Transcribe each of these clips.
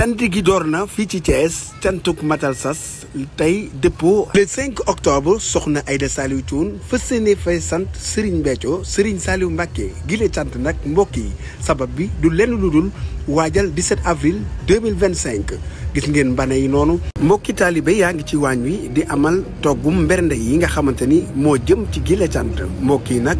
cant gi door na fii ci Thiès cantuk matal sas tey dëppoo le 5 octobre soxna Aïda Saliou Thioune fas yéene fay sant Serigne Serigne Saliou Mbacké gile cant nag mbokk yi sabab bi du lenn lu dul waajal 17 avril 2025 gis ngeen mbana yi noonu mbokki taalibe yaa ngi ci waañ wi di amal toggum mbernde yi nga xamante ni moo jëm ci gile cant mbokk yi nag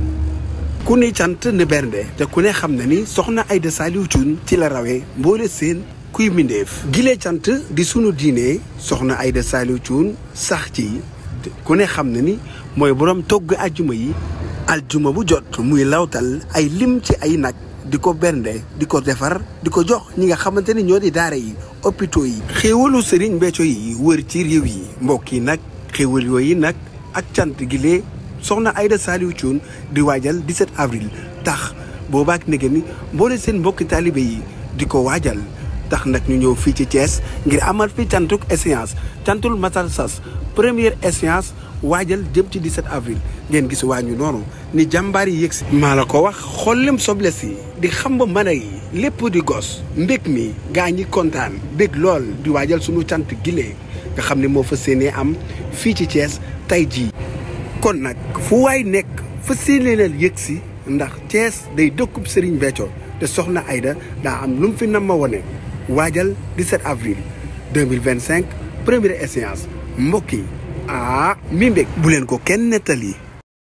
ku ni cant te ku ne xam na ni soxna Aïda Saliou Thioune ci la rawee mboole seen kuy mbindeef gile cant di sunu diine soxna Aida Saliou Thioune sax ci ku ne xam na ni mooy borom togg ajjuma yi aljuma bu jot muy lawtal ay lim ci ay nag di ko bernde di ko defar di ko jox ñi nga xamante ni ñoo di daara yi hôpitaux yi xéewalu sëriñ Béthio yi wër ci réew yi mbokk yi nag xéewal yooyu nag ak cant gile soxna Aida Saliou Thioune di waajal 17 avril tax boobaak nege ni mboole seen mbokki taalibe yi di ko waajal tax nag ñu ñëw fii ci Thiès ngir amal fi cantuk échéance cantul Massar Sass première échéance waajal jëm ci 17 avril ngeen gis waa ñu noonu ni jàmbaar yi yëg si. maa la ko wax xollem soble si di xam ba mën yi lépp di gos mbég mi gaa ñi kontaan bég lool di waajal sunu cant gilee nga xam ne moo fa séenee am fii ci Thiès tey jii. kon nag fu waay nekk fa séeneenal yëg si ndax Thiès day dëkkub Serigne Béthio te soxna ayda daa am lu mu fi nam ma wone waajal 17 avril 2025 première séance mbokk yi ah mi mbég bu leen ko kenn nettali